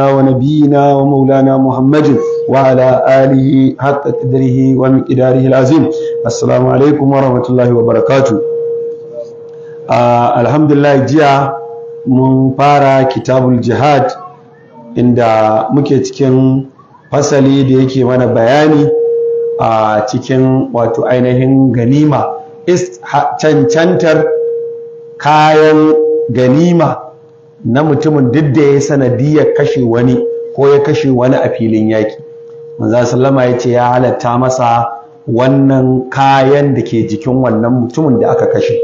ونبينا ومولانا محمد وعلى آله حق قدره ومقداره العظيم السلام عليكم ورحمة الله وبركاته آه الحمد لله جاء من فارا كتاب الجهاد عند مكتكين fasali da yake mana bayani a cikin wato ainihin ganima cancantar kayan ganima na mutumin duk da ya sanadiyar kashe wani ko ya kashe wani a filin yaki Maza sallama ya ce ya halatta masa wannan kayan da ke jikin wannan mutumin da aka kashe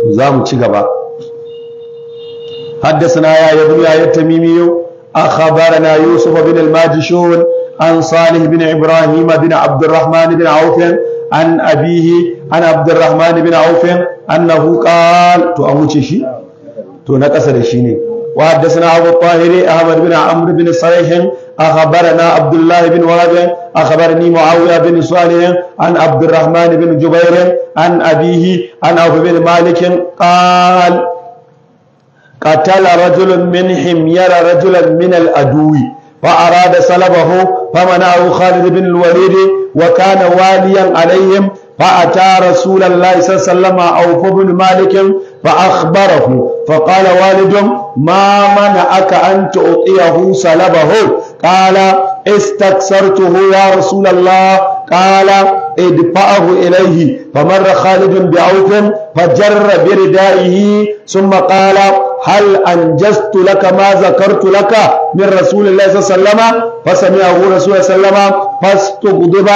to za mu ci gaba حدثنا يا ابن يا التميمي أخبرنا يوسف بن الماجشون عن صالح بن إبراهيم بن عبد الرحمن بن عوف عن أبيه عن عبد الرحمن بن عوف أنه قال تو أمو to na ƙasa da shi ne وحدثنا أبو الطاهر أحمد بن عمرو بن صالح أخبرنا عبد الله بن وهب أخبرني معاوية بن صالح عن عبد الرحمن بن جبير عن أبيه عن عوف بن مالك قال قتل رجل من حمير رجلا من الأدو فأراد سلبه فمنعه خالد بن الوليد وكان واليا عليهم فأتى رسول الله صلى الله عليه وسلم عوف بن مالك فأخبره فقال والد ma mana aka an tu'tiyahu salabahu qala istaksartuhu ya rasulullah qala idfa'ahu ilayhi famarra khalidun bi'awfin fajarra biridaihi thumma qala هل أنجزت لك ما ذكرت لك من رسول الله صلى الله عليه وسلم فسمعه رسول الله صلى الله عليه وسلم فاستغضب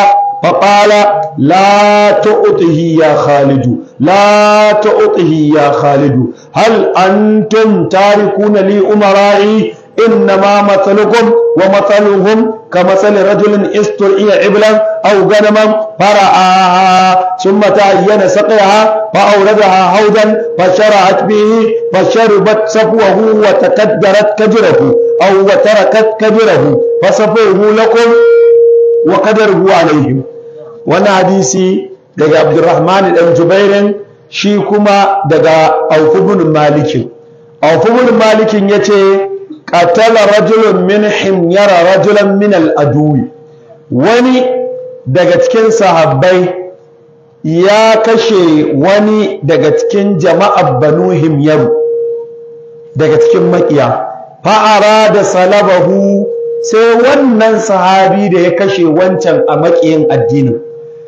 فقال لا تؤته يا خالد لا تؤته يا خالد هل أنتم تاركون لي أمرائي إنما مثلكم ومثلهم كمثل رجل استرعي عبلا أو غنما فرعاها ثم تعين سقيها فأوردها حوضا فشرعت به فشربت صفوه وتكدرت كدره أو وتركت كدره فصفوه لكم وقدره عليهم wani hadisi daga abdurrahman dan jubairin shi kuma daga aufubun malikin aufubun malikin ya ce ƙatala rajulun min himyara rajulun min al’adui wani daga cikin sahabbai ya kashe wani daga cikin jama'ar banu himyaru daga cikin maƙiya. fa'ara da salabahu sai wannan sahabi da ya kashe wancan a makiyin addinin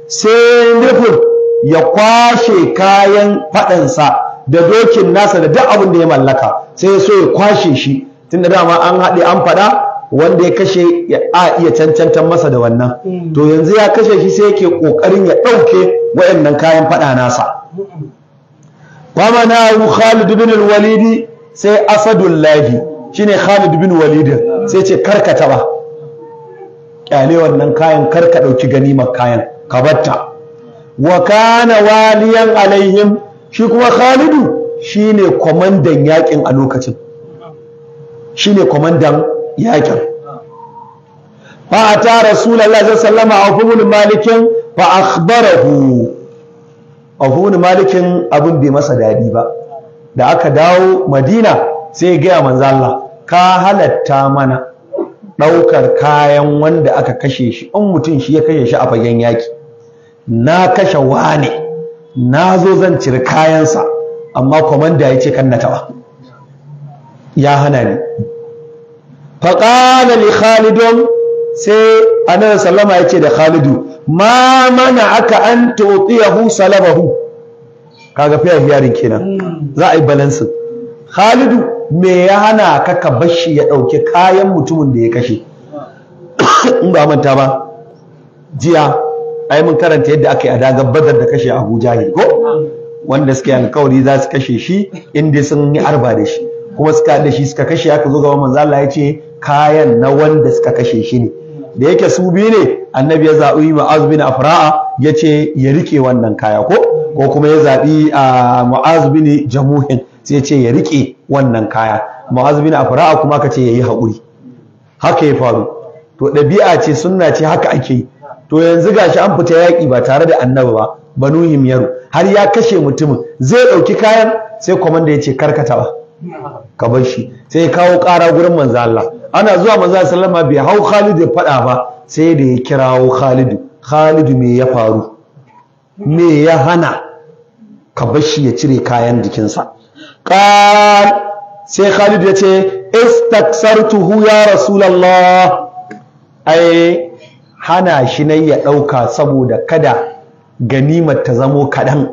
sai nufin ya kwashe kayan faɗansa da dokin nasa da duk abin da ya mallaka sai ya so ya kwashe shi Tun da dama an haɗe an faɗa wanda ya kashe ya a iya cancantar masa da wannan mm. to yanzu ya kashe shi sai yake ƙoƙarin ya ɗauke waɗannan kayan faɗa nasa Kwamana na Khalid bin Walidi sai asadullahi shine Khalid bin Walidin, mm. sai ce karkata ba kyale wannan kayan kar ka ɗauki ganimar kayan ka batta wa kana waliyan alaihim shi kuma khalidu shine kwamandan yakin a lokacin shine kwamandan yakin fa ta rasulullahi sallallahu alaihi wasallam a malikin fa akhbarahu a malikin abin bai masa dadi ba da aka dawo madina sai ya gaya manzo Allah ka halatta mana ɗaukar kayan wanda aka kashe shi in mutum shi ya kashe shi a fagen yaki na kashe wane na zo zan ciri kayansa amma kwamanda ya ce kan na taɓa ya hana ni faƙala li khalidun sai anan sallama ya ce da khalidu ma mana aka an tuqiyahu salabahu kaga fiya hiyarin kenan za a yi balansin khalidu me ya hana ka ka bashi ya ɗauki kayan mutumin da ya kashe in ba manta ba jiya ai mun karanta yadda aka yi a dagar badar da kashe abu jahil ko wanda suka yi alkawari za su kashe shi inda sun yi arba da shi kuma suka da shi suka kashe aka zo gaba manzo Allah ya ce kayan na wanda suka kashe shi ne da yake su biyu ne annabi ya zaɓi ma'az bin afra'a ya ce ya rike wannan kaya ko ko kuma ya zaɓi a ah, ma'az bin jamuhin sai ce ya rike wannan kaya mu'az bin afra'a kuma ka ce ya yi hakuri. haka ya faru to ɗabi'a ce sunna ce haka ake yi to yanzu gashi an fita yaƙi ba tare da annabi ba banu himyaru har ya kashe mutumin zai ɗauki kayan sai komanda ya ce karkata ba ka bar shi sai ya kawo ƙara gurin manzo Allah ana zuwa manzo sallama bai hau Khalid ya faɗa ba sai da ya kirawo Khalid Khalid me ya faru me ya hana ka bar shi ya cire kayan jikinsa قال سي خالد ya ce يا ya الله ai hana shi يا ya ɗauka saboda kada ganimar ta zamo kaɗan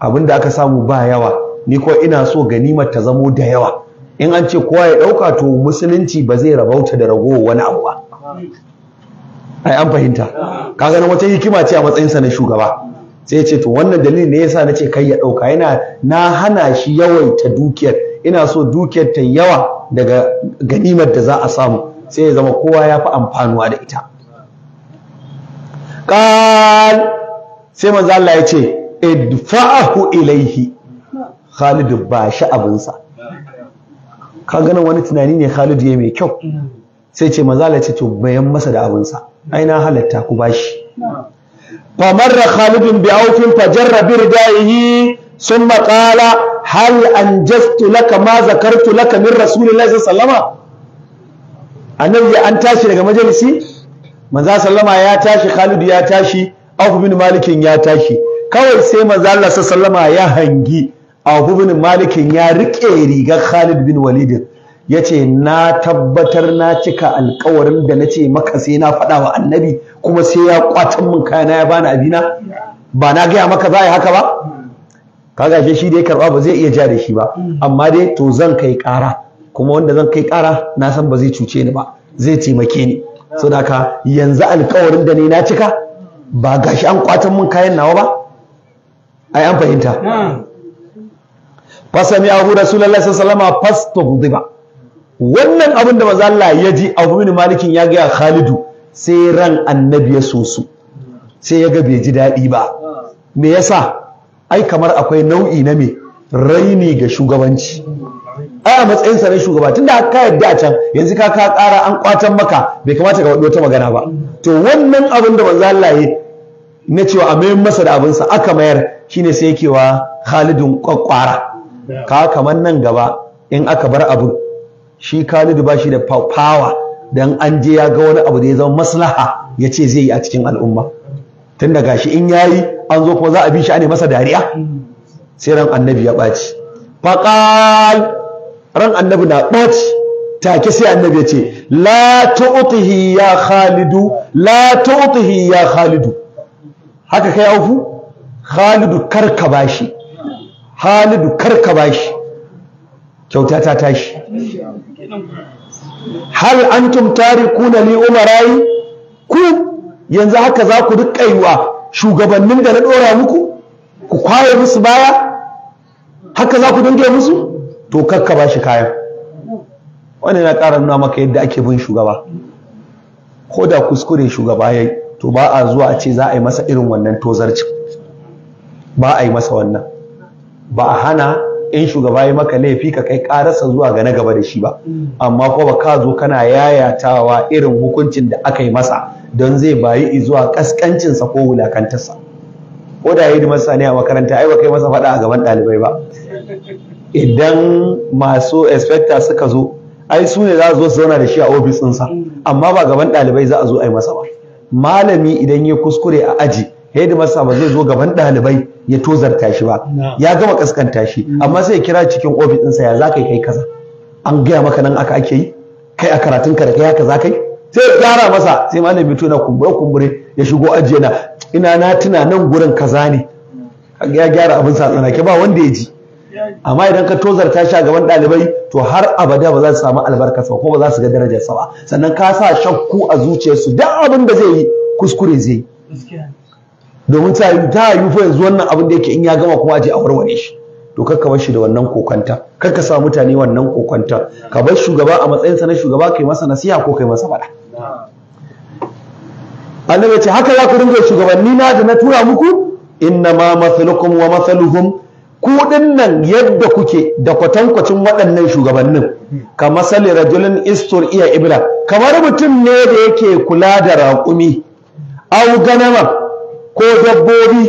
abinda aka samu ba yawa ni ko ina so ganimar ta zamo da yawa in an ce kowa ya ɗauka to musulunci ba zai rabauta da rago wani abu ba ai an fahimta kaga nan wata hikima ce a matsayin sa na shugaba sai ce to wannan dalilin ne yasa nace kai ya dauka yana na hana shi yawaita dukiyar ina so dukiyar ta yawa daga ganimar da za a samu sai ya zama kowa ya fi amfanuwa da ita qal sai manzo Allah ya ce idfa'ahu ilaihi Khalid ba shi abinsa ka ganin wani tunani ne Khalid ya mai kyau sai ce manzo Allah ya ce to bayan masa da abinsa ai na halatta ku bashi فمر خالد بعوف فجر بردائه ثم قال هل أنجزت لك ما ذكرت لك من رسول الله صلى الله عليه وسلم annabi an tashi daga majalisi manzo sallama ya tashi Khalidu ya tashi Auf bin Malikin ya tashi kawai sai manzo Allah sallama ya hangi Auf bin Malikin ya rike rigar Khalid bin Walid ya ce na tabbatar na cika alkawarin da na ce maka sai na faɗa wa annabi kuma sai ya kwatan min kayana ya bani abina ba na gaya maka za a yi haka ba kaga shi da ya karba ba zai iya ja da shi ba amma dai to zan kai ƙara kuma wanda zan kai ƙara na san ba zai cuce ni ba zai taimake ni saboda haka yanzu alkawarin da ni na cika ba gashi an kwatan min kayan nawa ba ai an fahimta fasami abu rasulullahi sallallahu alaihi wasallam ba. wannan abin da maza Allah ya ji Abu bin Malikin ya gaya Khalidu sai ran annabi ya sosu sai ya ga bai ji daɗi ba me yasa ai kamar akwai nau'i na me raini ga shugabanci ai a matsayin sa na shugaba tunda ka yadda a can yanzu ka ka ƙara an kwatan maka bai kamata ka wata magana ba to wannan abin da maza Allah ya na cewa a mayan masa da abinsa aka mayar shine sai yake wa Khalidun kwakwara ka kamar nan gaba in aka bar abin shi Khalid ba shi da power dan an je ya ga wani abu da ya zama maslaha ya ce zai yi a cikin al'umma tun da gashi in yayi an zo kuma za a bi shi ane masa dariya sai ran annabi ya ɓaci faqal ran annabi na ɓaci take sai annabi ya ce la tu'tihi ya khalidu la tu'tihi ya khalidu haka kai aufu khalidu karka bashi khalidu karka bashi kyauta ta tashi an hal antum kuna li umarai ku yanzu haka za ku duk kaiwa shugabannin da na dora muku ku kwaye musu baya haka za ku dinga musu to karka ba shi kayan wannan na ƙara nuna maka yadda ake bin shugaba ko da kuskure shugaba ya yi to ba a zuwa a ce za a yi masa irin wannan tozarci. ba a yi masa wannan ba a hana in shugaba ya maka laifi ka kai karasa zuwa ga na gaba da shi ba amma ko ba ka zo kana yayatawa irin hukuncin da aka yi masa don zai bayi zuwa kaskancinsa ko wulakantarsa ko da yi masa ne a makaranta ai ba kai masa faɗa a gaban ɗalibai ba idan masu inspector suka zo ai su ne za su zo su zauna da shi a ofis ɗinsa amma ba gaban ɗalibai za a zo a yi masa ba malami idan ya kuskure a aji hedimasta ba zai zo gaban ɗalibai ya tozarta shi ba ya gama kaskanta shi mm. amma sai ya kira cikin ofis ɗinsa ya za yi kai kaza an gaya maka nan aka ake yi kai a karatun ka da kai haka za kai sai ya gyara masa sai malami to na kumbure kumbure ya shigo ajiye na ina na tuna nan gurin kaza ne ya gyara abin sa tsanake ba wanda ya ji amma idan ka tozarta shi a gaban ɗalibai to har abada ba za su samu albarkarsa ko ba za su ga darajarsa ba sannan ka sa shakku a zuciyarsu duk abin da zai yi kuskure zai yi domin ta yi ta yi fa yanzu wannan abin da yake in ya gama kuma a je a warware shi to kar ka bar shi da wannan kokonta kar sa mutane wannan kokonta ka bar shugaba a sa na shugaba kai masa nasiha ko kai masa bada Allah ya ce haka za ku dinga shugabanni na da na tura muku inna ma mathalukum wa mathaluhum ku nan yadda kuke da kwatankwacin waɗannan shugabannin ka masali rajulin istur iya ibra kamar mutum ne da yake kula da raƙumi au ganama ko dabbobi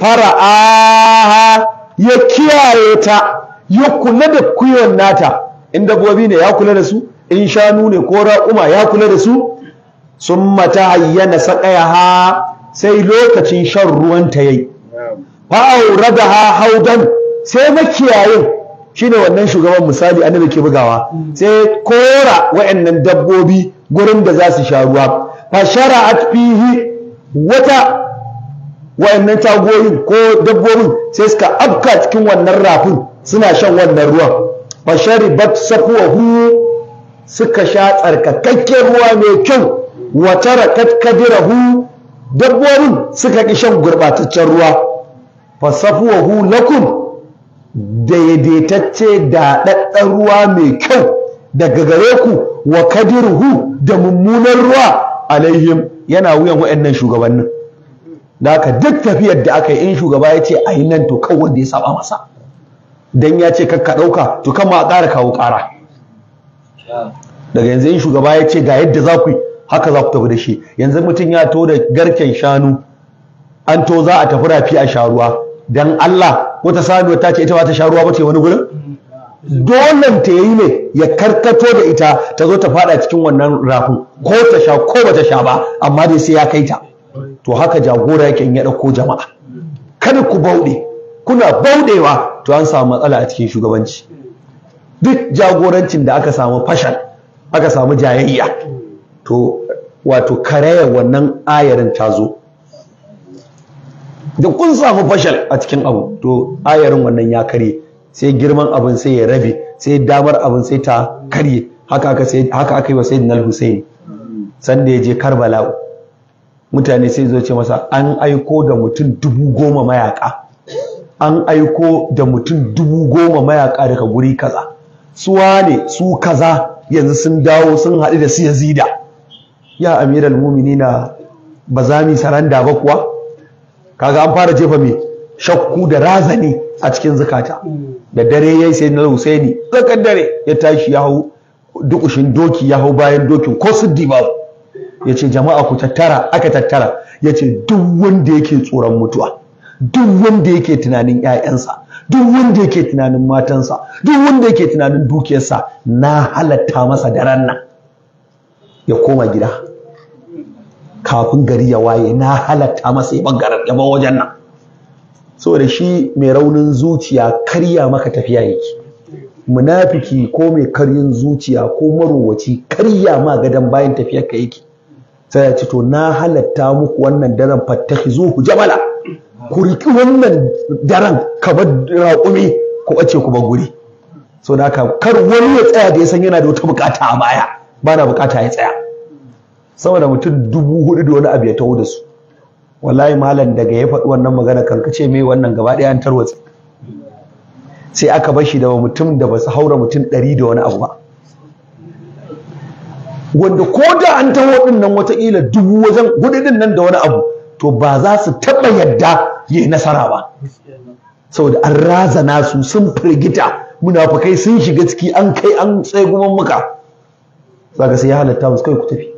fara'aha ya kiyaye ta ya kula da kuyon nata in dabbobi ne ya kula da su in shanu ne ko raƙuma ya kula da su sun mata hayyana ha, sai lokacin shan ruwan ruwanta yayi fa'aura da ha haudan sai makiyayin ne wannan shugaban misali annabi ke bugawa sai kora wa'annan dabbobi gurin da za su sha ruwa fa shara'at fihi wata wa'annan tagoyin ko dabbobin sai suka afka cikin wannan rafin suna shan wannan ruwan sakuwa hu, suka sha tsarkakakken ruwa mai kyau wa tarakat hu. dabbobin suka ƙi shan gurbataccen ruwa Ba hu lakum daidaitacce da ɗaɗɗan ruwa mai kyau daga gare ku wa kadiruhu da mummunan ruwa alaihim yana wuyan waɗannan shugabannin da duk tafiyar da aka yi in shugaba ya ce a yi nan to kan wanda ya saba masa dan ya ce kakka ɗauka to kan ma a ƙara kawo ƙara daga yanzu in shugaba ya ce ga yadda za ku yi haka za ku tafi da shi yanzu mutum ya to da garken shanu an to za a tafi rafi a sharuwa dan Allah wata sanuwa ta ce ita ba ta sharuwa ba ce wani gurin dolan ta yi ne ya karkato da ita ta zo ta fada cikin wannan rafin ko ta sha ko ba ta sha ba amma dai sai ya kai ta to haka jagora yake in ya ɗauko jama'a kada ku bauɗe kuna bauɗewa to an samu matsala a cikin shugabanci duk jagorancin da aka samu fashal aka samu jayayya to wato karayar wannan ayarin ta zo da kun samu fashal a cikin abu to ayarin wannan ya karye sai girman abin sai ya rabe sai damar abin sai ta karye haka aka yi wa sayyidina al-husaini sanda ya je karbala mutane sai zo ce masa an aiko da mutum dubu goma mayaka an aiko da mutum dubu goma mayaka daga guri kaza suwa ne su kaza yanzu sun dawo sun haɗu da su yazida ya amiral muminina ba za mu saranda ba kuwa kaga an fara jefa mai shakku da razani a cikin zukata da dare yayi sai na Husaini tsakan dare ya tashi ya hau dukushin doki ya hau bayan dokin ko siddi Yace jama'a ku tattara aka tattara Yace duk wanda yake tsoron mutuwa duk wanda yake tunanin 'ya'yansa duk wanda yake tunanin matansa duk wanda yake tunanin dukiyarsa na halatta masa daren nan ya koma gida kafin gari ya waye na halatta masa ya ya bar wajen nan saboda shi mai raunin zuciya karya maka tafiya yake munafiki ko mai karyin zuciya ko marowaci karya ma gadon bayan tafiyar ka yake sai ya ce to na halatta muku wannan daren zuhu Jamala. ku riki wannan daren kamar raƙumi ku ɓace ku guri so da haka kar wani ya tsaya da ya san yana da wata bukata a baya ba na bukata ya tsaya sama da mutum dubu hudu da wani abu ya taho da su wallahi malam daga ya faɗi wannan magana karkace mai wannan gaba ɗaya an tarwatsa sai aka bashi da mutum da ba su haura mutum ɗari da wani abu ba wanda ko da an taho din nan wataƙila dubu wajen hudu nan da wani abu to ba za su taɓa yadda ya yi nasara ba saboda an razana su sun firgita munafukai sun shiga ciki an kai an tseguman muka ka sai ya halatta musu kai ku tafi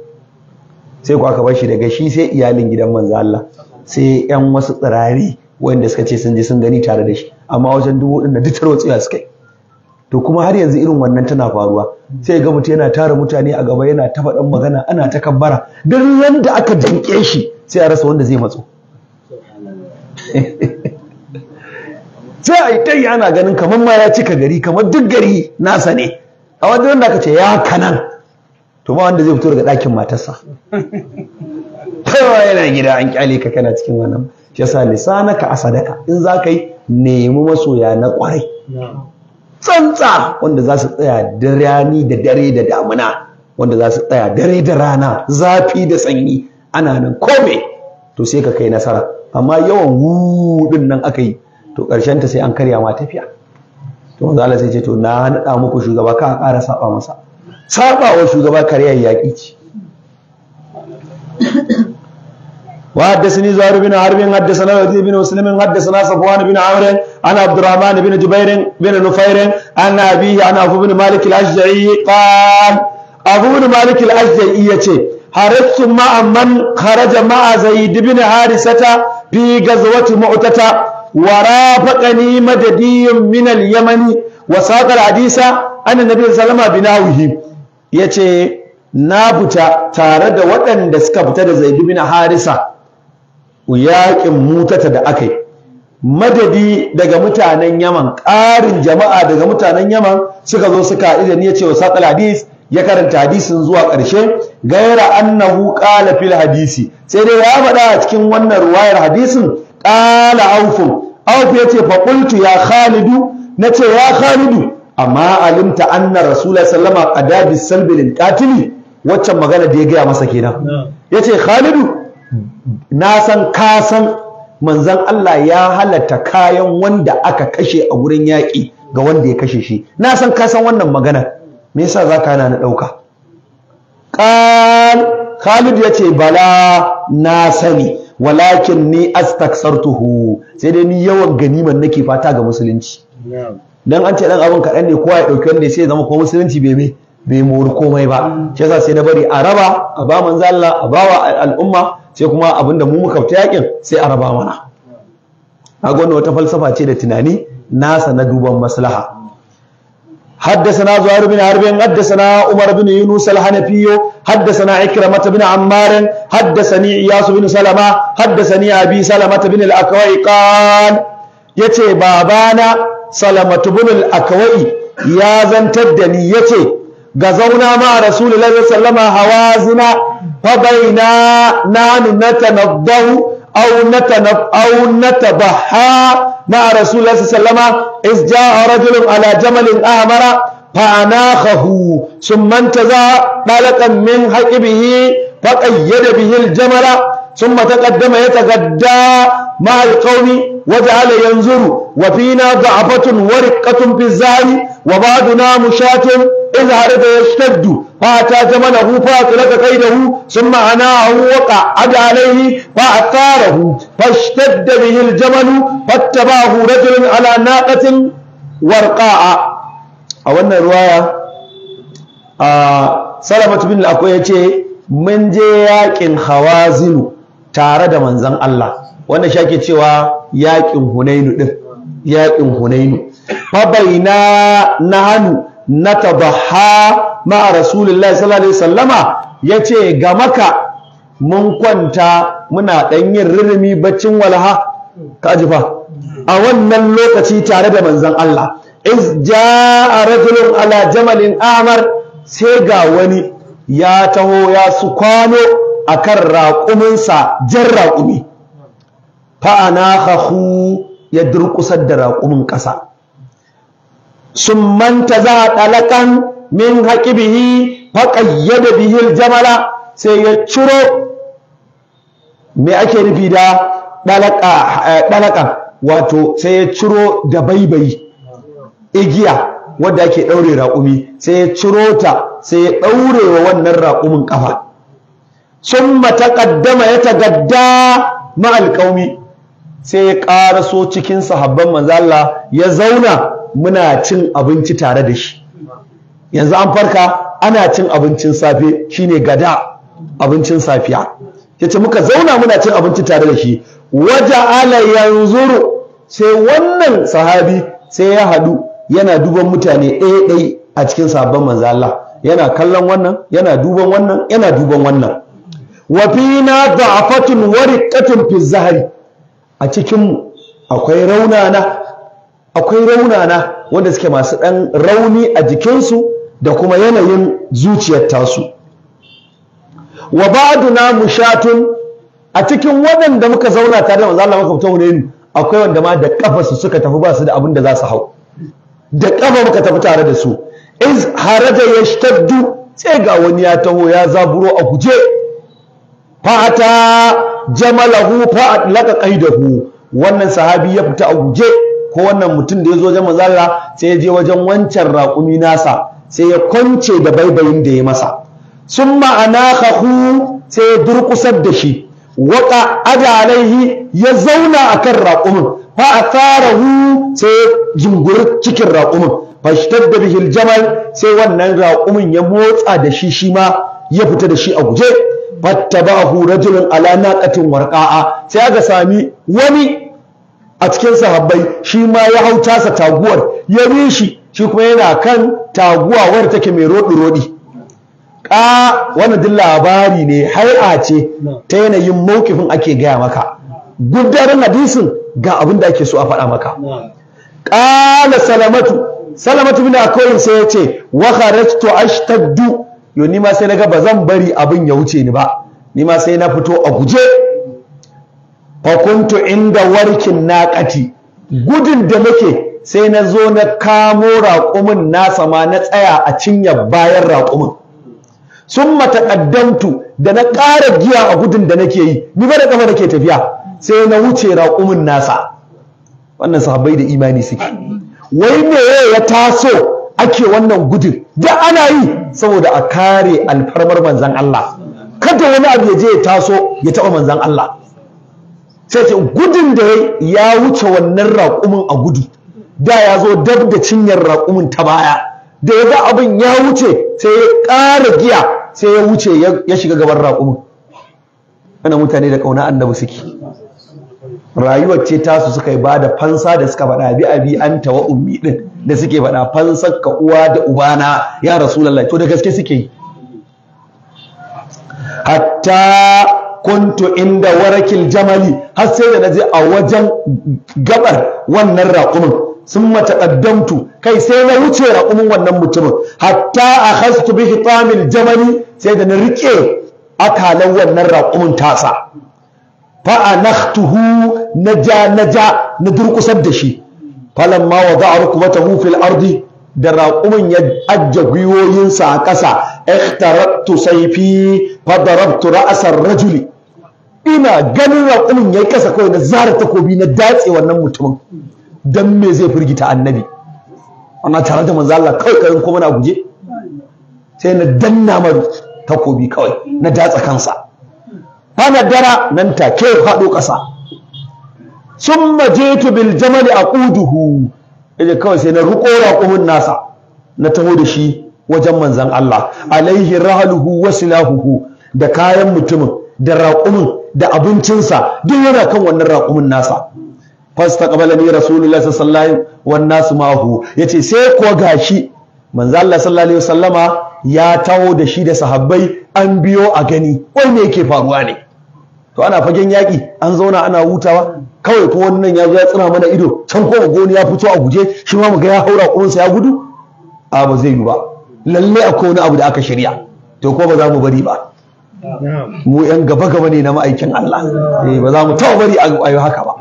sai ku aka bar shi daga shi sai iyalin gidan manzo Allah sai yan wasu tsirari wanda suka ce sun je sun gani tare da shi amma wajen dubu din da duk ya suka yi to kuma har yanzu irin wannan tana faruwa sai ga mutum yana tara mutane a gaba yana ta faɗan magana ana ta kabbara don yadda aka jinke shi sai a rasa wanda zai matso sai a yi ana ganin kamar ma ya cika gari kamar duk gari nasa ne a wanda wanda aka ce ya kanan to ba wanda zai fito daga ɗakin matarsa kowa yana gida an kyale ka kana cikin wannan shi yasa lisanaka sadaka in za ka yi nemi masoya na kwarai. tsantsa wanda za su tsaya da rani da dare da damuna wanda za su tsaya dare da rana zafi da sanyi ana nan kome to sai ka kai nasara amma yawan wudin nan aka yi to ƙarshen ta sai an karya ma tafiya to manzo Allah sai ce to na naɗa muku shugaba ka ƙara saba masa saba wa shugaba karyar yaƙi ce وحدثني زهير بن حرب حدثنا يزيد بن مسلم حدثنا صفوان بن عامر عن عبد الرحمن بن جبير بن نفير عن أبيه عن ابو بن مالك الاشجعي قال ابو بن مالك الاشجعي يتي حرثت مع من خرج مع زيد بن حارثة في غزوة مؤتة ورافقني مددي من اليمن وساق الحديث أن النبي صلى الله عليه وسلم بناوه يتي na fita tare da waɗanda suka fita da zaidu bin harisa yaƙin mutata da aka yi madadi daga mutanen yaman ƙarin jama'a daga mutanen yaman suka zo suka haɗu da niyyar cewa saƙal hadis ya karanta hadisin zuwa ƙarshe gaira annahu ƙala fil hadisi sai dai ya faɗa a cikin wannan ruwayar hadisin ƙala aufun auf yace ce qultu ya khalidu na ya khalidu amma alimta anna rasulullah sallama alaihi wasallam salbi lil qatili waccan magana da ya gaya masa kenan yace khalidu na san ka san manzon Allah ya halatta kayan wanda aka kashe a gurin yaki ga wanda ya kashe shi na san ka san wannan magana me yasa zaka ka na ɗauka qal Khalid ya ce bala na sani walakin ni astaksartuhu sai dai ni yawan ganiman nake fata ga musulunci dan an ce dan abin kaɗan ne kowa ya ɗauki wanda sai ya zama ko musulunci bai bai mori komai ba shi yasa sai na bari a raba a ba manzo Allah a ba wa al'umma sai kuma abinda mu muka fi yakin sai a raba mana a gwanda wata falsafa ce da tunani nasa na duban maslaha haddasa na zuwa rubin harbin haddasa na umar bin yunus alhanafiyo haddasa na ikira mata bin ammarin haddasa ni bin salama haddasa ni ya bi salama ta bin al’akawai kan ya babana salama ta bin al’akawai ya zantar da ni ya ga zauna ma a rasulun hawa zina fabai na nani na tanabdau au na taba ha na a rasulun lalai is ja a ala jamalin ɗamara fa'ana hahu sun manta za ɗalakan min haƙi bihi faƙayya bihil jamara sun mata ƙaddama ya tagadda ma'al ƙauni waje ala yanzuru wa fina da abatun warƙatun fi zari wa ba duna mushatun izhar da yashtaddu fa ta zama hu? fa tulaka kaidahu thumma ana hu waqa ada alayhi fa atarahu fashtadda bihi aljamalu fattabahu rajulun ala naqatin warqa'a a wannan ruwaya a salamat bin akwai yace mun je Hawa hawazinu tare da manzon Allah wanda shake cewa yaqin hunainu din yaqin hunainu fa na nahanu na tabaha ma rasulullahi sallallahu alaihi wasallama yace ga maka mun kwanta muna dan yin ririmi baccin walha kaji fa a wannan lokaci tare da manzon Allah iz jaa rajulun ala jamalin amar sai ga wani ya taho ya su kwano akan raƙuminsa jan raƙumi fa ya durƙusar da raƙumin ƙasa summan ta za ɗalakan min haƙi haƙibihi faƙayyada bihil jamala sai ya ciro me ake nufi da ɗalakan eh, wato sai ya ciro da baibayi igiya wadda ake ɗaure raƙumi sai ya ciro ta sai ya ɗaure wa wannan raƙumin ƙafa sun mataƙaddama ya tagadda ma'alƙaumi sai ya ƙaraso cikin sahabban manzala ya zauna muna cin abinci tare da shi yanzu an farka ana cin abincin safe shine gada abincin safiya Ya ce muka zauna muna cin abinci tare da shi ala yanzu sai wannan sahabi sai ya hadu yana duban mutane ɗaya ɗaya a cikin sabon manzala, yana kallon wannan yana duban wannan yana duban wannan wa fina wari wariqatun fi zahri a cikin akwai raunana akwai raunana wanda suke masu ɗan rauni a jikinsu da kuma yanayin zuciyar tasu wa ba'duna mushatun a cikin waɗanda muka zauna tare da manzo Allah muka fito ne akwai wanda ma da su suka tafi ba su da abin da za su hau da ƙafa muka tafi tare da su iz haraja yashtaddu sai ga wani ya taho ya zaburo a guje fata jamalahu fa da qaidahu wannan sahabi ya fita a guje ko wannan mutum da ya zo wajen mazalla sai ya je wajen wancan raƙumi nasa sai ya kwance da baibayin da ya masa sun ma'ana kahu sai ya durƙusar da shi waƙa aja ya zauna a kan raƙumin fa a hu sai ya jingur cikin raƙumin shi da bihil jamal sai wannan raƙumin ya motsa da shi shi ma ya fita da shi a guje fattabahu rajulun ala naqatin warƙa'a sai aka sami wani a cikin sahabbai shi ma ya hau tasa taguwar ya yi shi shi kuma yana kan taguwa wadda take mai roɗi-roɗi ƙa wannan duk labari ne har ce ta yanayin maukifin ake gaya maka gudanar hadisin ga abin da ake so a faɗa maka ƙala salamatu salamatu bin akwai sai ya ce wa kharajtu ashtaddu yo ni ma sai na naga zan bari abin ya wuce ni ba ni ma sai na fito a guje fakuntu inda warkin naƙati gudun da nake sai na zo na kamo raƙumin nasa ma na tsaya a cinya bayan raƙumin sun mataƙaddamtu da na ƙara giya a gudun da nake yi ni ba da ƙafa nake tafiya sai na wuce raƙumin nasa wannan sahabbai da imani suke wai me ya taso ake wannan gudun da ana yi saboda a kare alfarmar manzan Allah kada wani abu ya je ya taso ya taɓa manzan Allah sai ce gudun da ya wuce wannan raƙumin a gudu da ya zo dab da cinyar raƙumin ta baya da ya ga abin ya wuce sai ya ƙara giya sai ya wuce ya shiga gaban raƙumin ana mutane da ƙauna annabi suke rayuwar ce tasu suka yi ba da fansa da suka faɗa bi abi an tawa ummi din da suke faɗa fansar ka uwa da ubana ya rasulullahi to da gaske suke yi hatta kuntu inda warakil jamali har sai da naje a wajen gabar wannan raƙumin sun mace mataqaddamtu kai sai na wuce raƙumin wannan mutumin hatta akhastu bi hitamil jamali sai da na riƙe akalan wannan raƙumin tasa fa anakhtuhu naja naja na durkusar da shi falamma ku wata fil ardi da raƙumin ya ajje gwiwoyinsa a ƙasa ihtarabtu Saifi, fa darabtu rajuli ina ganin raƙumin ya yi ƙasa kawai na zara takobi na datse wannan mutumin don me zai firgita annabi Ana tare da manzo kawai karin kuma na guje sai na danna mar takobi kawai na datsa kansa ana dara nan take haɗo ƙasa summa jitu bil jamali aquduhu yaje kawai sai na ruko raƙumin nasa na taho da shi wajen manzan Allah alaihi rahaluhu wa silahuhu da kayan mutumin da raƙumin da abincinsa duk yana kan wannan raƙumin nasa ni rasulullahi sallallahu alaihi wasallam wan nasu mahu yace sai ko gashi manzo Allah sallallahu alaihi wasallama ya tawo da shi da sahabbai an biyo a gani wai me yake faruwa ne to ana fagen yaki an zauna ana hutawa kawai ko wannan ya zo ya tsira mana ido can ko goni ya fito a guje shi ma muga ya haura sa ya gudu a ba zai yi ba lalle akwai wani abu da aka shirya to ko ba za mu bari ba mu yan gaba gaba ne na ma'aikin Allah eh, ba za mu taɓa bari a yi haka ba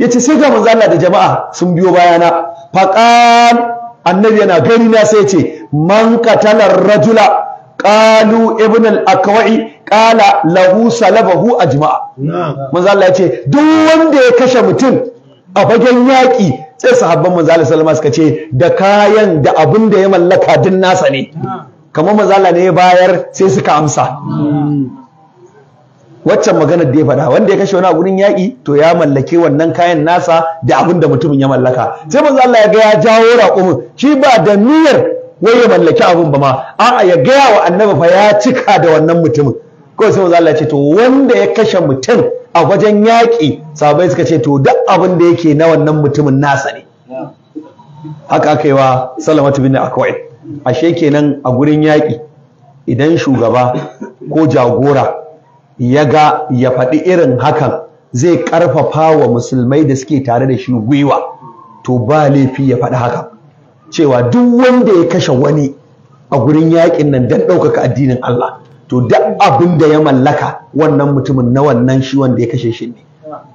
ya ce sai ga manzo Allah da jama'a sun biyo bayana faƙan annabi yana gani na sai ya ce man qatala rajula qalu ibn al-akwa'i qala lahu salabahu ajma'a manzo Allah ya ce duk wanda ya kashe mutum a bagen yaƙi sai sahabban manzo Allah suka ce da kayan da abin da ya mallaka din nasa ne kamar mazala ne bayar sai suka amsa waccan maganar da ya faɗa wanda ya kashe wani a gurin yaƙi to ya mallake wannan kayan nasa da abin da mutumin ya mallaka sai manzo Allah ya ga ya jawo raƙumin shi ba da niyyar wai ya mallaki abin ba ma a'a ya gaya wa annabi fa ya cika da wannan mutumin kawai sai manzo Allah ya ce to wanda ya kashe mutum a wajen yaƙi sahabbai suka ce to duk abin da yake na wannan mutumin nasa ne haka aka yi wa Salamatu bin Akwai ashe kenan a gurin yaƙi idan shugaba ko jagora ya ga ya faɗi irin hakan zai ƙarfafa wa musulmai da suke tare da shi gwiwa to ba laifi ya faɗi haka cewa duk wanda ya kashe wani a gurin yaƙin nan don ɗaukaka addinin Allah to duk abin da ya mallaka wannan mutumin na wannan shi wanda ya kashe shi ne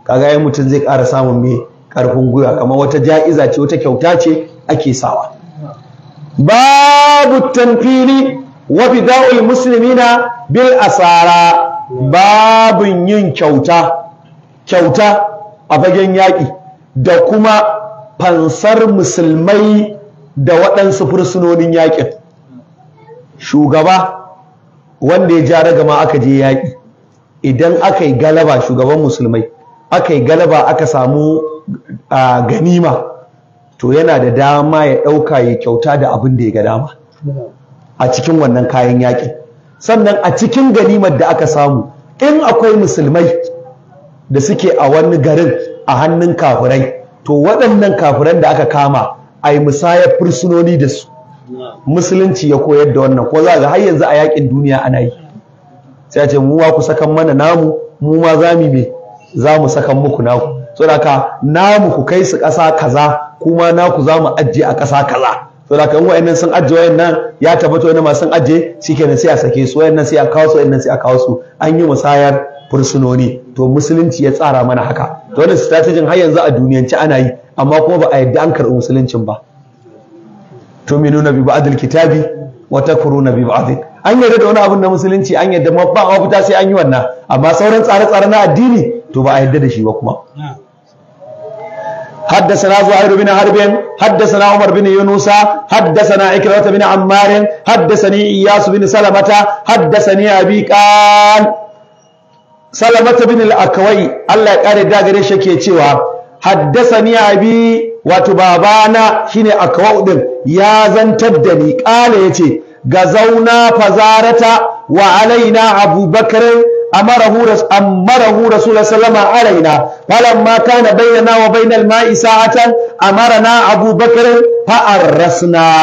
kaga yayin mutum zai ƙara samun mai ƙarfin gwiwa kamar wata ja'iza ce wata kyauta ce ake sawa babu tanfili wa musulmi na bil asara babun yin kyauta kyauta a fagen yaƙi da kuma fansar musulmai da waɗansu fursunonin yaƙin shugaba wanda ya ja ragama aka je yaƙi idan aka yi galaba shugaban musulmai aka yi galaba aka samu ganima to yana da dama ya ɗauka ya kyauta da abin da ya ga dama a cikin wannan kayan yaƙi sannan a cikin ganimar da aka samu in akwai musulmai da suke a wani garin a hannun kafirai to waɗannan kafiran da aka kama a yi musaya fursunoni da su musulunci ya koyar da wannan ko za ga har yanzu a yaƙin duniya ana yi sai a ce mu ku sakan mana namu mu ma za mu me za mu sakan muku naku saboda namu ku kai su ƙasa kaza kuma naku za mu ajiye a ƙasa kaza da kan wayannan sun ajiye wayannan ya tabbata wani ma sun ajiye shikenan sai a sake su wayannan sai a kawo su wayannan sai a kawo su an yi musayar fursunoni to musulunci ya tsara mana haka to wannan strategy har yanzu a duniyance ana yi amma kuma ba a yadda an karɓi musuluncin ba tuminuna bi ba'dil kitabi wa takuruna bi Adil. an yarda da wani abun na musulunci an yarda ma ba fita sai an yi wannan amma sauran tsare-tsare na addini to ba a yarda da shi ba kuma حدثنا زهير بن حرب حدثنا عمر بن يونس حدثنا إكرمة بن عمار حدثني إياس بن سلمة حدثني أبي قال سلمة بن الأكوي الله قال دا غري شكي تشوا حدثني أبي وتبابانا شيني أكوى دين يا زنتدني قال يتي غزونا فزارة وعلينا أبو بكر أمره رس أمره رسول الله صلى الله عليه وسلم علينا فلما كان بيننا وبين الماء ساعة أمرنا أبو بكر فأرسنا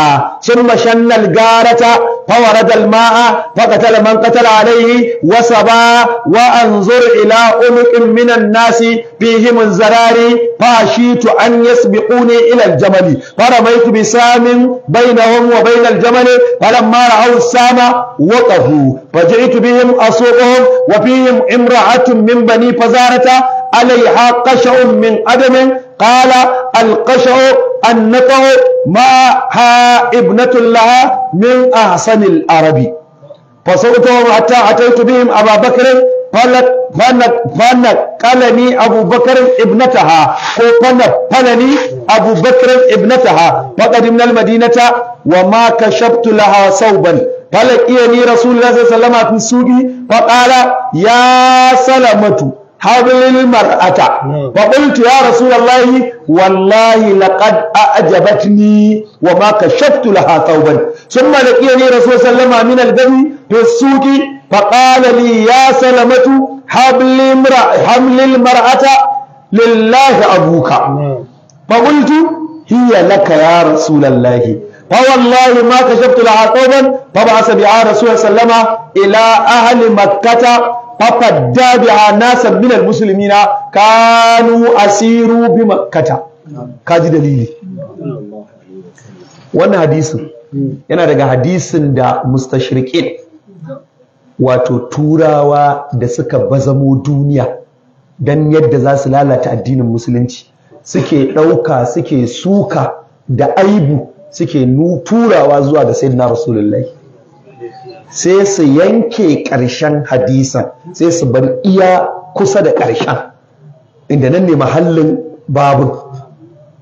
ثم شن الجارة فورد الماء فقتل من قتل عليه وسبا وانظر الى عنق من الناس فيهم الزراري فاشيت ان يسبقوني الى الجمل فرميت بسام بينهم وبين الجمل فلما راوا السام وقفوا فجئت بهم اسوقهم وفيهم امراه من بني فزاره عليها قشع من قدم قال القشع النقع ما ها ابنة لها من أحسن العربي فصوتهم حتى أتيت بهم أبا بكر فلت فنقلني أبو بكر ابنتها فنقلني أبو بكر ابنتها فقدمنا المدينة وما كشفت لها صوبا فلقيني رسول الله صلى الله عليه وسلم في السوق فقال يا سلمة hablil mar'ata wa qultu ya rasulullahi wallahi laqad a'jabatni wa ma kashaftu laha thawban thumma laqiyani rasul sallama min al-bari fi suqi fa qala li ya salamatu hablil hablil mar'ata lillahi abuka fa qultu hiya laka ya rasulullahi فوالله ما كشفت لها ثوبا فبعث بها رسول صلى الله عليه وسلم الى اهل مكه فقد بها ناسا من المسلمين كانوا اسيروا بمكه كاجي دليلي wannan hadisin yana daga hadisin da mustashrikin wato turawa da suka bazamo duniya don yadda za su lalata addinin musulunci suke ɗauka suke suka da aibu suke turawa zuwa ga sayyidina rasulullahi sai su yanke ƙarshen hadisan sai su bar iya kusa da ƙarshen inda nan ne mahallin babun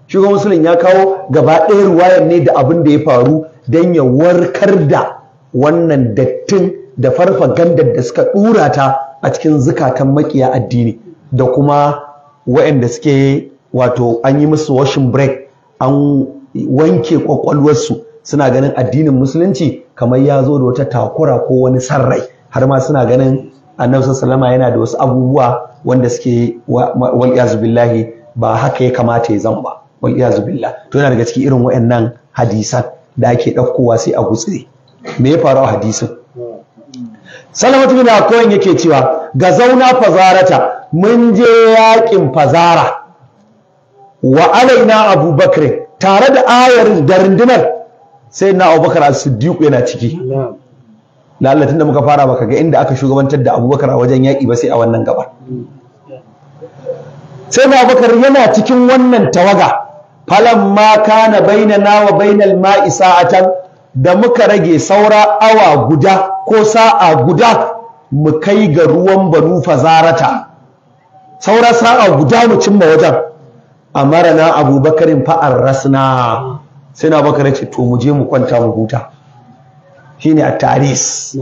shugaban musulun ya kawo gaba ɗaya ruwayan ne da abin da ya faru don ya warkar da wannan dattin da farfa gandar da suka ɗura ta a cikin zukatan makiya addini da kuma waɗanda suke wato an yi musu washin break an wanke kwakwalwarsu suna ganin addinin musulunci kamar ya zo da wata takura ko wani sarrai har ma suna ganin annabi sallama yana da wasu abubuwa wanda suke wal billahi ba haka ya kamata ya zama ba wal billah to yana daga cikin irin wayannan hadisan da ake ɗaukowa sai a gutsire me ya faru a hadisin salamatu bin akoyin yake cewa ga zauna fazarata mun je yakin fazara wa alaina abubakar tare da ayar da rundunar sai na abubakar as-siddiq yana ciki Lallatin da muka fara baka ga inda aka shugabantar da abubakar a wajen yaƙi ba sai a wannan gaba sai na abubakar yana cikin wannan tawaga ma kana na wa bainal ma'i sa'atan da muka rage saura awa guda ko sa'a guda mu kai ga ruwan banu fazarata saura sa'a guda mu cimma wajen marana abubakarin fa'ar rasna sai na bakar ce to mu je mu kwanta mu huta shine a taris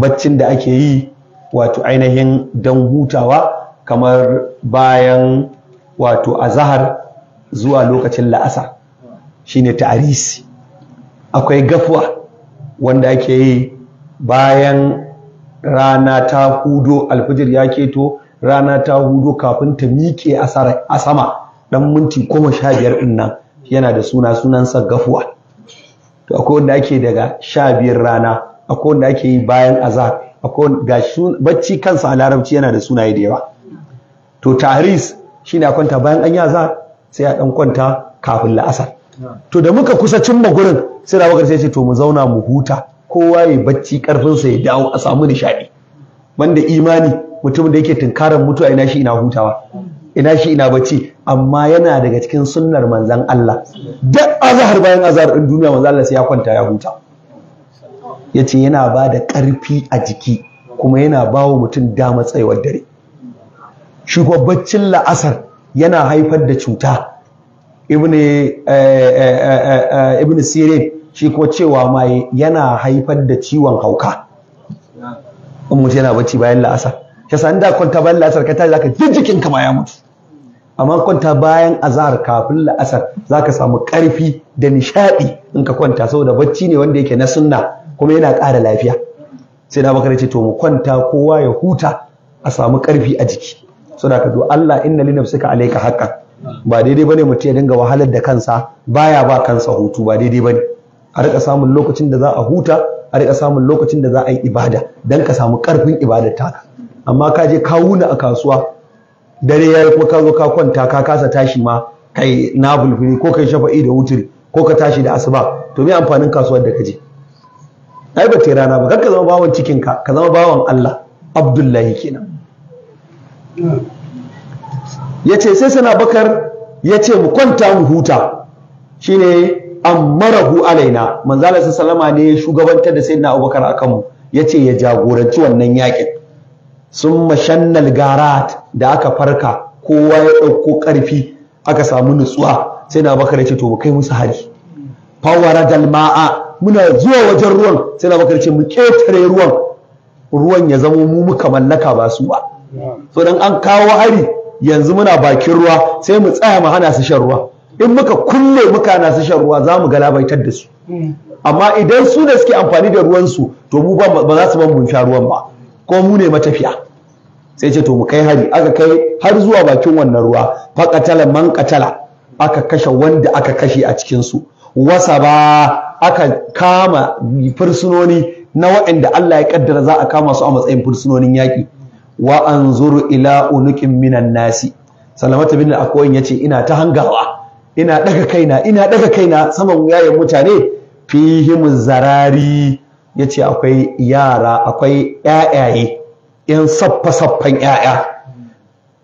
baccin da ake yi wato ainihin don hutawa kamar bayan wato azahar zuwa lokacin la'asa shine taris akwai gafuwa wanda ake yi bayan rana ta hudo alfijir ya keto rana ta hudo kafin ta miƙe a sama Ɗan minti goma sha biyar din nan yana da suna sunansa gafuwa to akwai wanda ake daga sha biyar rana akwai wanda ake yi bayan azhar akwai ga bacci kansa a larabci yana da sunaye da yawa to tahris shine a kwanta bayan an yi azhar sai a ɗan kwanta kafin la'asar to da muka kusa cimma gurin sai Abubakar sai ce to mu zauna mu huta kowa ya bacci karfinsa ya dawo a samu nishaɗi. banda imani mutum da yake tunkarar mutuwa ina shi ina hutawa ina shi ina bacci amma yana daga cikin sunnar manzan Allah duk azhar bayan azhar din duniya manzan Allah sai ya kwanta ya huta yace yana ba da ƙarfi a jiki kuma yana ba wa mutum dama tsayuwar dare shi kuma baccin la'asar yana haifar da cuta ibn eh, eh, eh, ibn sirin shi kuma cewa ma yana haifar da ciwon hauka in mutum yana bacci bayan la'asar ka san da kwanta bayan la'asar ka tashi zaka duk ka ya mutu amma kwanta bayan azhar kafin la'asar ka samu ƙarfi da nishaɗi in ka kwanta saboda bacci ne wanda yake na sunna kuma yana ƙara lafiya sai na bakar ce to mu kwanta kowa ya huta a samu ƙarfi a jiki saboda ka do Allah inna li nafsika alayka haqqan ba daidai bane mutum ya dinga wahalar da kansa baya ba kansa hutu ba daidai bane a rika samun lokacin da za a huta a rika samun lokacin da za a yi ibada dan ka samu karfin ibadar taka amma ka je ka wuna a kasuwa dare ya yi ko ka ka kwanta ka kasa tashi ma kai na bulbuli ko kai shafa'i da wuturi ko ka tashi da asuba to me amfanin kasuwar da ka je ai ba ta rana ba kar ka zama bawan cikin ka zama bawan Allah Abdullahi kenan yace sai sana bakar yace mu kwanta mu huta shine ammarahu alaina manzo Allah sallama ne shugabantar da sayyidina Abubakar akan mu yace ya jagoranci wannan yakin sun mashannal garat da aka farka kowa ya ɗauko ƙarfi aka samu nutsuwa sai na bakar ce to mu kai musu hari fawara dalma'a muna zuwa wajen ruwan sai na bakar ce mu ƙetare ruwan ruwan ya zama mu muka mallaka ba su ba so dan an kawo hari yanzu muna bakin ruwa sai mu tsaya mu hana su shan ruwa in muka kulle muka hana su shan ruwa za mu galabaitar da su hmm. amma idan su da suke amfani da ruwansu to mu ba za su ban mun sha ruwan ba ko mu ne matafiya sai ce to mu kai hari aka kai har zuwa bakin wannan ruwa faqatala man qatala aka kashe wanda aka kashe a cikin su wasa ba aka kama fursunoni na waɗanda Allah ya kaddara za a kama su a matsayin fursunonin yaƙi wa ila unuqin minan nasi salamata bin akoyin yace ina ta hangawa ina daga kaina ina daga kaina saman yayin mutane fihim zarari ya ce akwai yara akwai ‘ya'yaye ‘yan saffa-saffan ‘ya'ya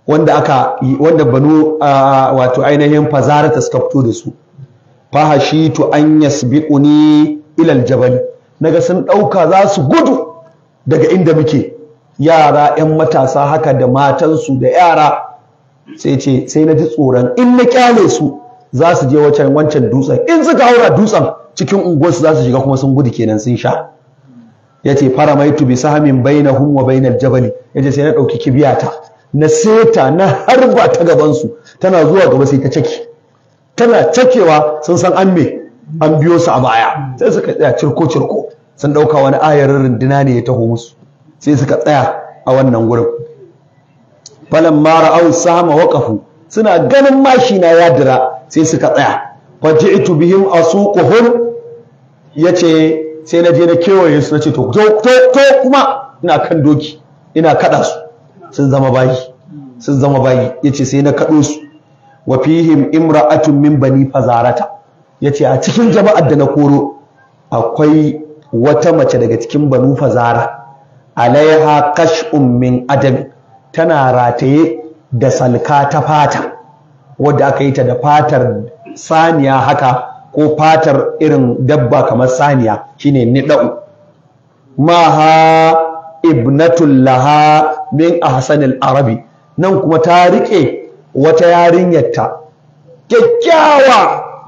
wanda aka wanda banu wato ainihin fazarata suka fito da su fahashitu an uni ilal jabal naga sun ɗauka za su gudu daga inda muke yara ‘yan matasa haka da matansu da yara sai ce sai na ji tsoron in na kyale su za su je wancan wancan dutsen in suka haura dutsen cikin unguwarsu za su shiga kuma sun gudu kenan sun sha Ya yace faramaitu tubi sahamin hunwa wa na jabali ce sai na ɗauki kibiyata na seta na harba ta gabansu tana zuwa gaba sai ta cake tana cakewa sun san an me an biyo su a baya sai suka tsaya cirko cirko sun ɗauka wani ayar rundina ne ya taho musu sai suka tsaya a wannan gurin mara au sama waƙafu suna ganin mashina na ya dira sai suka tsaya faji'tu bihim asuquhum yace sai na je na kewaye su na ce to to kuma ina kan doki ina kada su sun zama bayi sun zama bayi yace sai na kaɗo su wa fihim imra'atun min bani fazarata yace a cikin jama'ar da na koro akwai wata mace daga cikin banu fazara alaiha kash'un min adami tana rataye da salka ta fata wadda aka yi ta da fatar saniya haka ko fatar irin dabba kamar saniya shine nida'u maha ibnatul laha min ahsanil arabi nan kuma ta rike wata yarinyarta kyakkyawa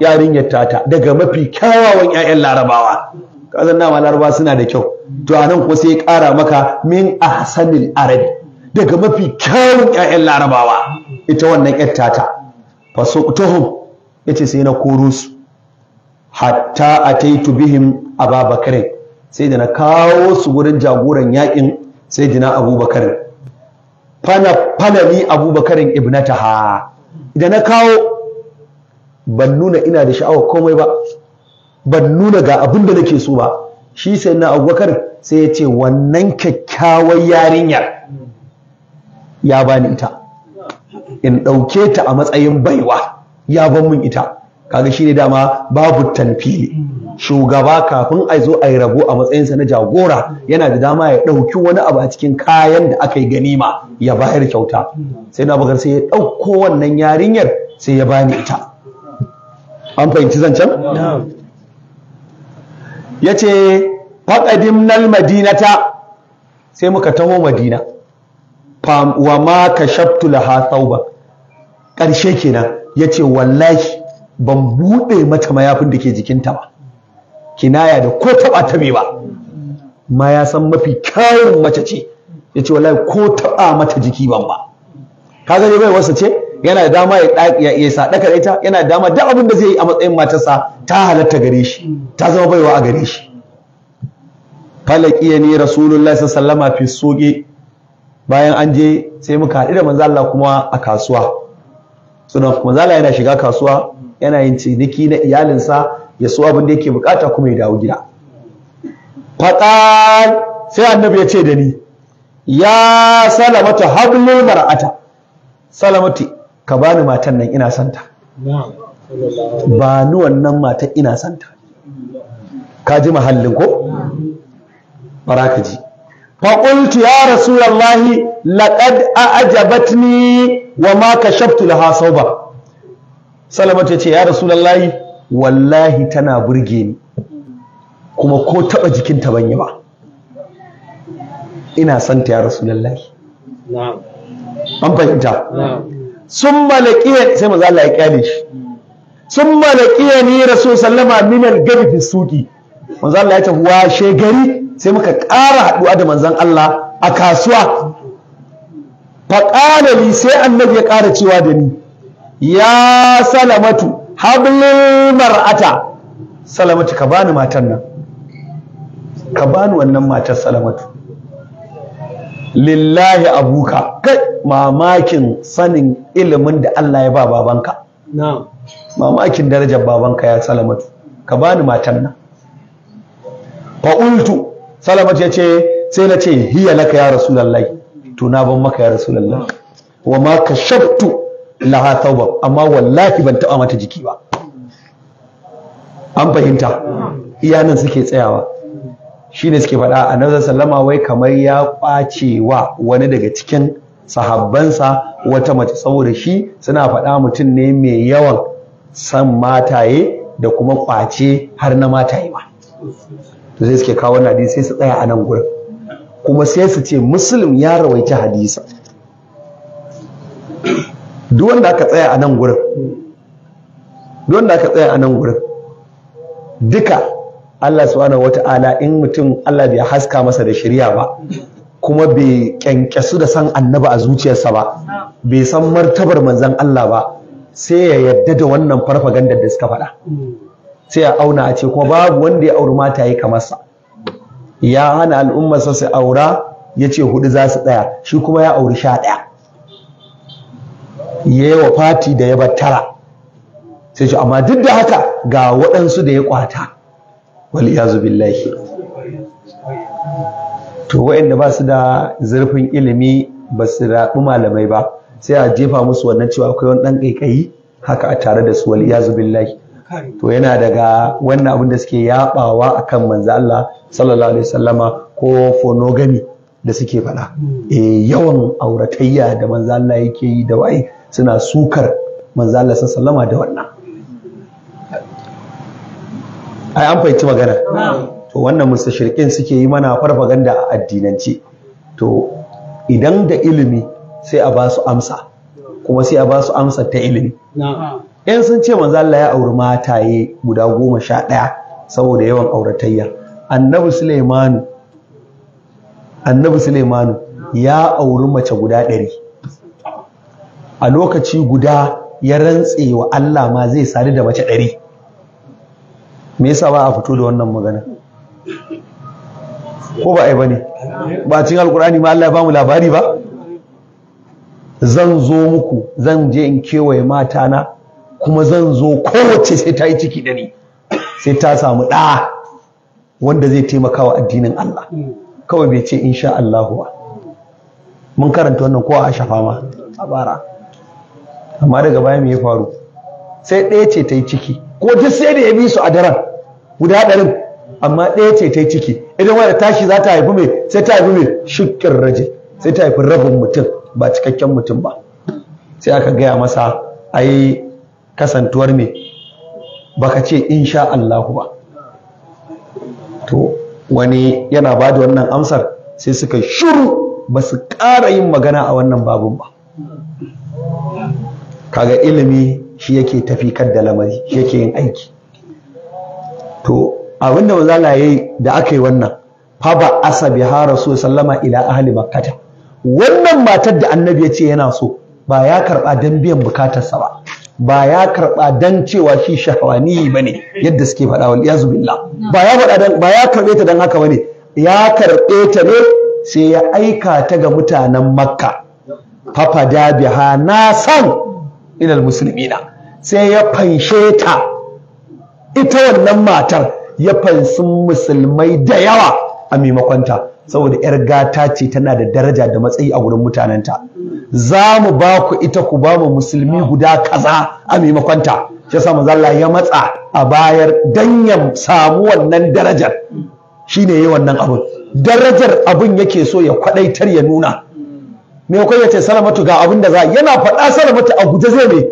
yarinyar ta daga mafi kyawawan ƴaƴan larabawa kazan nama laraba suna da kyau to a nan kuma sai kara ƙara maka min ahsanil arabi daga mafi kyawun ƴaƴan larabawa ita wannan 'yar tata fasuqtuhum yace sai na koro su hatta a taitu bihim ababakar sai da na kawo su wurin jagoran yaƙin sai dina abubakar fana falani abubakarin ibnataha idan na kawo ban nuna ina da sha'awar komai ba ban nuna ga abin da nake so ba shi sai na abubakar sai ya ce wannan kyakkyawar yarinyar ya bani ita in ɗauke ta a matsayin baiwa ya ban mun ita kaga shine dama babu tanfili shugaba kafin a zo a yi rabo a matsayinsa na jagora yana da dama ya ɗauki wani abu a cikin kayan da aka yi ganima ya bayar kyauta sai na bakar sai ya ɗauko wannan yarinyar sai ya bani ita an fahimci zancen ya ce faɗaɗin nal madinata sai muka taho madina wa ma ka shaftu laha tsauba ƙarshe kenan yace ce wallahi ban buɗe mata mayafin da ke jikinta ba kinaya da ko taɓa ta ba ma ya san mafi kyawun mace ce ya ce wallahi ko taɓa mata jiki ban ba ka gani bai wasa ce yana da dama ya ya sadaka da ita yana da dama duk abin da zai yi a matsayin matarsa ta halatta gare shi ta zama baiwa a gare shi falaki ya ne rasulullahi sallama fi soge bayan an je sai muka haɗu da manzo Allah kuma a kasuwa sunan manzo Allah yana shiga kasuwa yana yin ciniki na iyalinsa ya so abin da yake bukata kuma ya dawo gida faɗa sai annabi ya ce da ni ya salamata hablul mar'ata salamati ka bani matan nan ina santa ba ni wannan mata ina santa ka ji mahallin ko bara ka ji qultu ya rasulullahi laqad a'jabatni wa ma kashaftu laha sawba salama ta ce ya rasulullahi wallahi tana burge ni kuma ko taɓa jikinta ban yi ba ina son ta ya rasulullahi an fahimta sun malakiya sai maza Allah ya kyale shi sun malakiya ni rasul sallama minar gabi fi suki Maza Allah ya tafi wa gari sai muka ƙara haɗuwa da manzan Allah a kasuwa faƙalali sai annabi ya ƙara cewa da ni ya salamatu hablul mar'ata salamatu ka bani matan nan ka bani wannan matar salamatu lillahi abuka kai mamakin sanin ilimin da Allah ya ba babanka mamakin darajar babanka ya salamatu ka bani matan nan fa'ultu salamatu ya ce sai na ce hiya laka ya rasulullahi to na ban maka ya rasulullahi wa ma ka laha tauba amma wallahi ban taɓa mata jiki ba an fahimta iyanan suke tsayawa shine suke faɗa annabi sallama wai kamar ya kwacewa wani daga cikin sahabbansa wata mace saboda shi suna faɗa mutum ne mai yawan san mataye da kuma ƙwace har na mataye ma to sai suke kawo wannan hadisi sai su tsaya a nan gurin kuma sai su ce muslim ya rawaita hadisa duwanda aka tsaya a nan gurin duka Allah subhanahu wata'ala in mutum Allah bai haska masa da shirya ba kuma bai kyankyasu da san annaba a zuciyarsa ba bai san martabar manzon Allah ba sai ya yadda da wannan farfa farfaganda da suka faɗa sai ya auna a ce kuma babu wanda ya auri mata yi kamarsa ya hana al'ummarsa su aura ya ce hudu za su tsaya, shi kuma ya auri sha ɗaya ya yi wa fati da ya tara sai shi amma duk da haka ga waɗansu da ya kwata waliyazu billahi to waɗanda ba su da zurfin ilimi ba su raɓi malamai ba sai a jefa musu wannan cewa akwai wani ɗan ƙaiƙayi haka a tare da su waliyazu billahi to yana daga wannan abin da suke yaɓawa akan manzo Allah sallallahu alaihi wasallama ko fonogami da suke faɗa eh yawan auratayya da manzo Allah yake yi da wai suna sukar manzala sallama da wannan ai an fahimci magana to wannan shirkin suke yi mana farfaganda a addinance to idan da ilimi sai a ba su amsa kuma sai a ba su amsa ta ilimi in sun ce manzo ya auri mataye guda goma sha ɗaya saboda yawan auratayya annabi Suleimanu annabi Suleimanu ya auri mace guda ɗari a lokaci guda ya rantse wa Allah ma zai sadu da mace ɗari me yasa ba a fito da wannan magana ko ba a bane ba cin alkurani ma Allah ya bamu labari ba zan zo muku zan je in kewaye mata na kuma zan zo kowace sai ta yi ciki da ni sai ta samu ɗa wanda zai taimaka wa addinin Allah kawai bai ce in sha Allahu ba mun karanta wannan kowa a shafa ma a bara amma daga baya me ya faru sai ɗaya ce ta yi ciki ko duk sai da ya bi su a daren guda ɗarin amma ɗaya ce ta yi ciki idan wanda tashi za ta haifi mai sai ta haifi mai shukin raje sai ta haifi rabin mutum ba cikakken mutum ba sai aka gaya masa ai kasantuwar me baka ce sha Allahu ba to wani yana ba da wannan amsar sai suka shuru ba su ƙara yin magana a wannan babun ba kaga ilimi shi yake tafi da lamari shi yake yin aiki to abinda manzala yayi da aka yi wannan fa ba asa biha rasul sallama ila ahli makkata wannan matar da annabi ya ce yana so ba ya karba dan biyan bukatarsa ba ba ya karba dan cewa shi shahwani bane yadda suke faɗa wal yazu billah ba ya faɗa dan ba ya karbe ta dan haka bane ya karbe ta ne sai ya aika ta ga mutanen makka Fa fa da biha na san ilal musulmina sai ya fanshe ta ita wannan matar ya fansi musulmai da yawa a maimakonta saboda 'yar gata ce tana da daraja da matsayi a wurin mutanenta za mu ba ku ita ku ba mu musulmi guda kaza a maimakonta shi yasa manzalla ya matsa a bayar dan samu wannan darajar shine yayi wannan abun darajar abun yake so ya kwadaitar ya nuna me kwaye ce salamatu ga abin da za yana faɗa salamatu a guje zai ne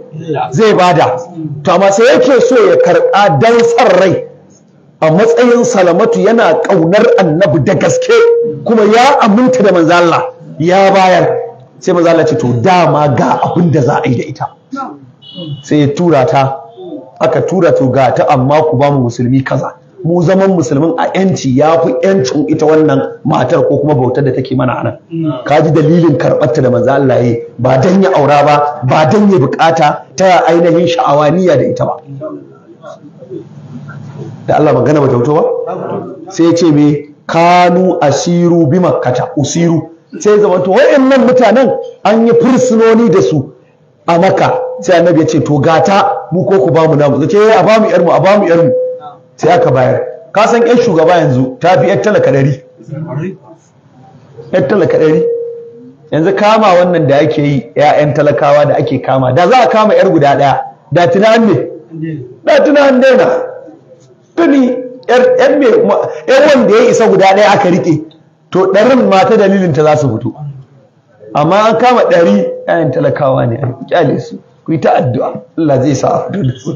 zai bada to amma sai yake so ya karɓa dan rai a matsayin salamatu yana ƙaunar annabi da gaske kuma ya aminta da manzo ya bayar sai manzo ce to dama ga abin da za a yi da ita sai ya tura ta aka tura to ga ta amma ku ba mu musulmi kaza mu zaman musulmin a yanci ya fi yancin ita wannan matar ko kuma bautar da take mana anan ka ji dalilin karɓarta da manzo Allah yi ba dan ya aura ba ba dan ya bukata ta ainihin sha'awaniya da ita ba da Allah magana ba tautowa? ba sai ya ce me kanu asiru bi makkata usiru sai ya zama to wayannan mutanen an yi fursunoni da su a maka sai annabi ya ce to gata mu ko ku bamu namu zace eh, a bamu yarmu a bamu yarmu sai aka bayar ka san yan shugaba yanzu ta fi yan talaka ɗari yan talaka ɗari yanzu kama wannan da ake yi ‘ya'yan talakawa da ake kama da za a kama ‘yar guda ɗaya da tuna ne da tunan daina tuni ‘yan wanda ya isa guda ɗaya aka riƙe to ɗarin mata dalilin ta za su fito amma an kama ɗari ‘ya'yan talakawa ne a kyale su ku yi ta addu'a Allah zai sa a su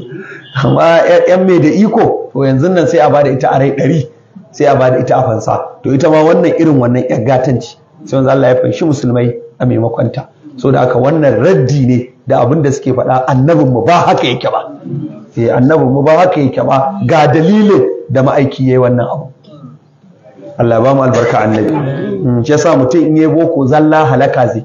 amma yan mai da iko to yanzu nan sai a bada ita a rai ɗari sai a bada ita a fansa to ita ma wannan irin wannan yar gatanci sai wanzu Allah ya fanshi musulmai a maimakon ta so da aka wannan raddi ne da abin da suke faɗa annabin mu ba haka yake ba sai eh, annabin mu ba haka yake ba ga dalilin da ma'aiki yayi wannan abu Allah ba mu albarka annabi hmm, shi yasa mutum in yi boko zalla halaka zai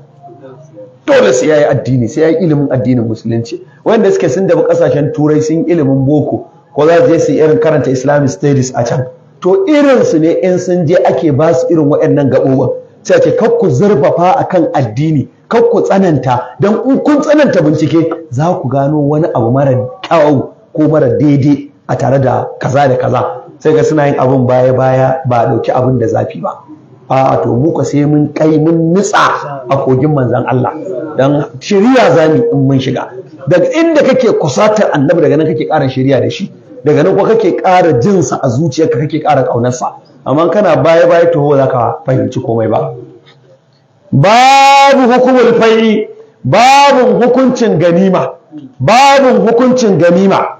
dole sai yayi addini sai yayi ilimin addinin musulunci wanda suke sun dabu kasashen turai sun ilimin boko ko za su je su irin karanta islamic studies a can to irin su ne in sun je ake ba su irin waɗannan gabowa sai ake kar ku zurfafa akan addini kar ku tsananta dan in kun tsananta bincike za ku gano wani abu mara kyau ko mara daidai a tare da kaza da kaza sai ga suna yin abun baya baya ba a ɗauki abin da zafi ba a to mu ka sai mun kai mun nitsa a kogin manzan Allah dan shiriya zani in mun shiga daga inda kake kusatar annabi daga nan kake ƙara shiriya da shi daga nan kuma kake ƙara jinsa a zuciyarka kake ƙara ƙaunarsa amma kana baya baya to za ka fahimci komai ba babu hukumul fai babu hukuncin ganima babu hukuncin ganima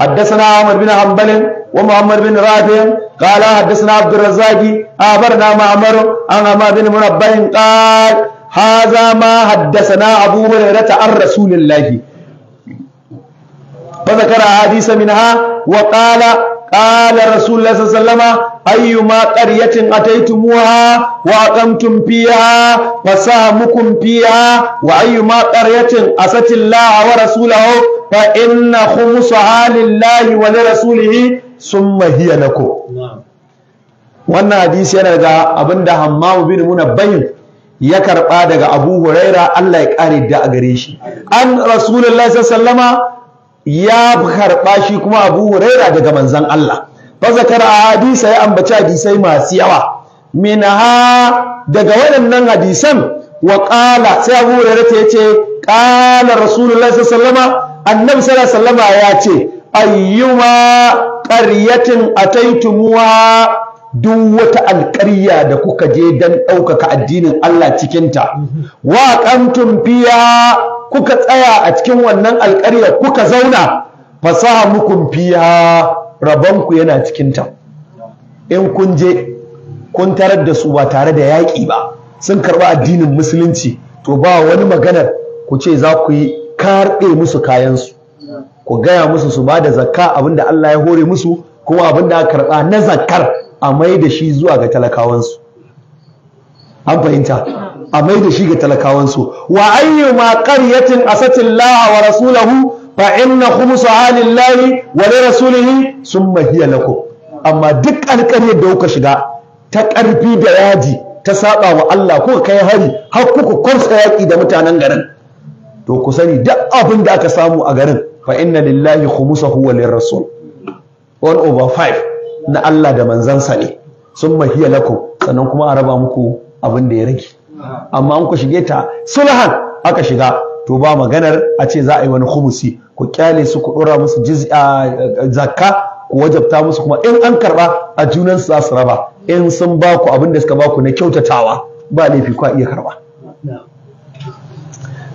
Haddasa na Ahmad bin hambalin. ومحمد بن رافع قال حدثنا عبد الرزاق أخبرنا معمر عن عمار بن منبه قال هذا ما حدثنا أبو هريرة عن رسول الله فذكر حديث منها وقال قال رسول الله صلى الله عليه وسلم أيما قرية أتيتموها وأقمتم فيها فسهمكم فيها وأيما قرية أست الله ورسوله فإن خمسها لله ولرسوله Sun mahiya na ko. wannan hadisi yana daga abinda Hammamu bin Munabbayin ya karba daga Abu Huraira Allah ya kare da a gare shi an Rasulullahi sallama ya karɓa shi kuma Abu Huraira daga manzan Allah kara a hadisa ya ambaci hadisai masu yawa ha daga waɗannan hadisan wa qala sai Abu Huraira ta yace qala Rasulullahi sallama annabi sallallahu ya ce ayyuma ƙaryatin ataitumuwa duk wata alƙarya da kuka je don ɗaukaka addinin Allah cikinta wa tumfiya fiya kuka tsaya a cikin wannan alƙarya kuka zauna fasaha mukun fiya rabonku yana cikinta in kun je kun tarar da su ba tare da yaƙi ba sun karɓi addinin musulunci to ba wani maganar ku ce za ku yi karɓe musu kayansu ku gaya musu su ba da zakka abinda Allah ya hore musu kuma abinda aka karɓa na zakkar a mai da shi zuwa ga talakawansu an fahimta a mai da shi ga talakawansu wa ayyuma qaryatin asatillaha wa rasulahu fa inna khumsaha lillahi wa li rasulihi summa hiya lakum amma duk alƙaryar da kuka shiga ta ƙarfi da yaji ta saba wa Allah kuka kai hari har kuka yaƙi da mutanen garin to ku sani duk abin da aka samu a garin fa inna lillahi khumsuhu wa lirrasul 1 over 5 na Allah da manzansa ne sun hiya lakum sannan kuma a raba muku abin da ya rage amma an ku shige ta sulhan aka shiga to ba maganar a ce za a yi wani khumusi ku kyale su ku dora musu zakka ku wajabta musu kuma in an karba a junan su za su raba in sun ba ku abin da suka ba ku na kyautatawa ba laifi ku a iya karba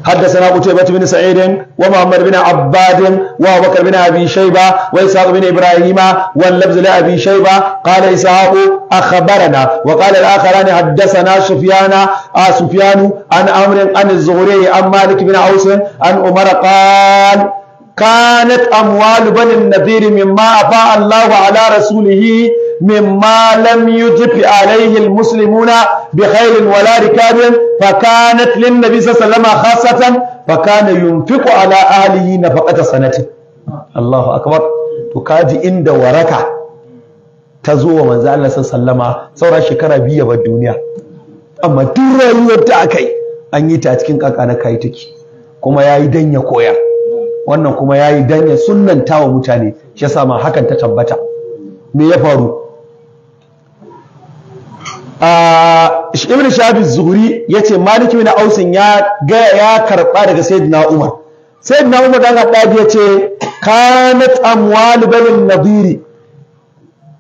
حدثنا قتيبة بن سعيد ومحمد بن عباد وابو بكر بن ابي شيبه واسحاق بن ابراهيم واللفظ لابي شيبه قال اسحاق اخبرنا وقال الاخران حدثنا سفيان آه سفيان عن امر عن الزهري عن مالك بن عوس عن عمر قال كانت اموال بني النذير مما افاء الله على رسوله مما لم يجب عليه المسلمون بخير ولا ركاب فكانت للنبي صلى الله عليه وسلم خاصة فكان ينفق على أهله نفقة سنة الله أكبر تكاد عند وركة تزوى من زال الله صلى الله عليه وسلم سورة شكرا بيا بالدنيا أما ترى يبتعكي أن يتعتكين كاكانا كايتك كما يايدن يكويا wannan kuma yayi danya sunnan wa mutane shi yasa ma hakan ta tabbata me ya faru ibn shafi zuhuri ya ce malik ibn ausin ya ga ya karɓa daga sayyidina umar sayyidina umar dan haɗabi ya ce kanat amwal banin nadiri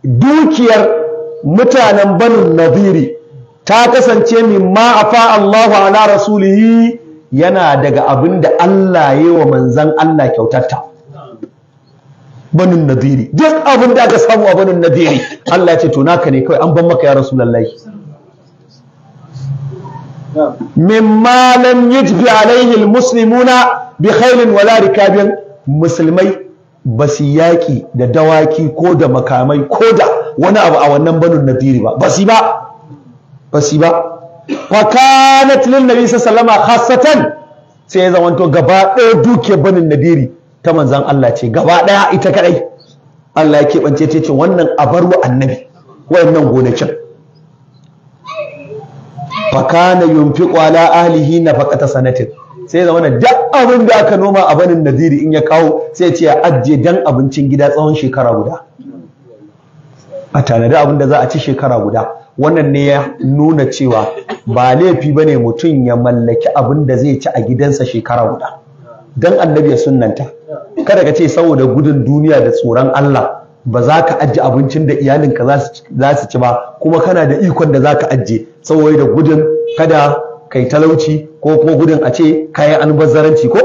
dukiyar mutanen banin nadiri ta kasance min ma afa Allahu ala rasulihi yana daga abinda Allah ya wa manzan Allah kyautarta banin nadiri duk abinda da aka samu a banin nadiri Allah ya ce to naka ne kawai an ban maka ya rasulullahi mimma lam yajbi alaihi almuslimuna bi khairin wala rikabin musulmai ba yaƙi da dawaki ko da makamai ko da wani abu a wannan banin nadiri ba ba su ba ba ba fa kanat lin nabi sallallahu khassatan sai ya zamanto gaba ɗaya duke banin nadiri ta manzon Allah ce gaba ɗaya ita kadai Allah ya keɓance ce wannan abarwa annabi wayannan gonakin fakana yunfiqu ala ahlihi nafaqata sanatin sai zama duk abin da aka noma a banin nadiri in ya kawo sai ce ya ajiye dan abincin gida tsawon shekara guda a tanadi abin da za a ci shekara guda wannan ne ya nuna cewa ba laifi ba ne mutum ya mallaki abin da zai ci a gidansa shekara guda don annabi ya sunnanta kada ka ce saboda gudun duniya da tsoron Allah ba za ka ajiye abincin da iyalinka za su ci ba kuma kana da ikon da za ka ajiye saboda da gudun kada kai talauci ko kuma gudun a ce kayan albazaranci ko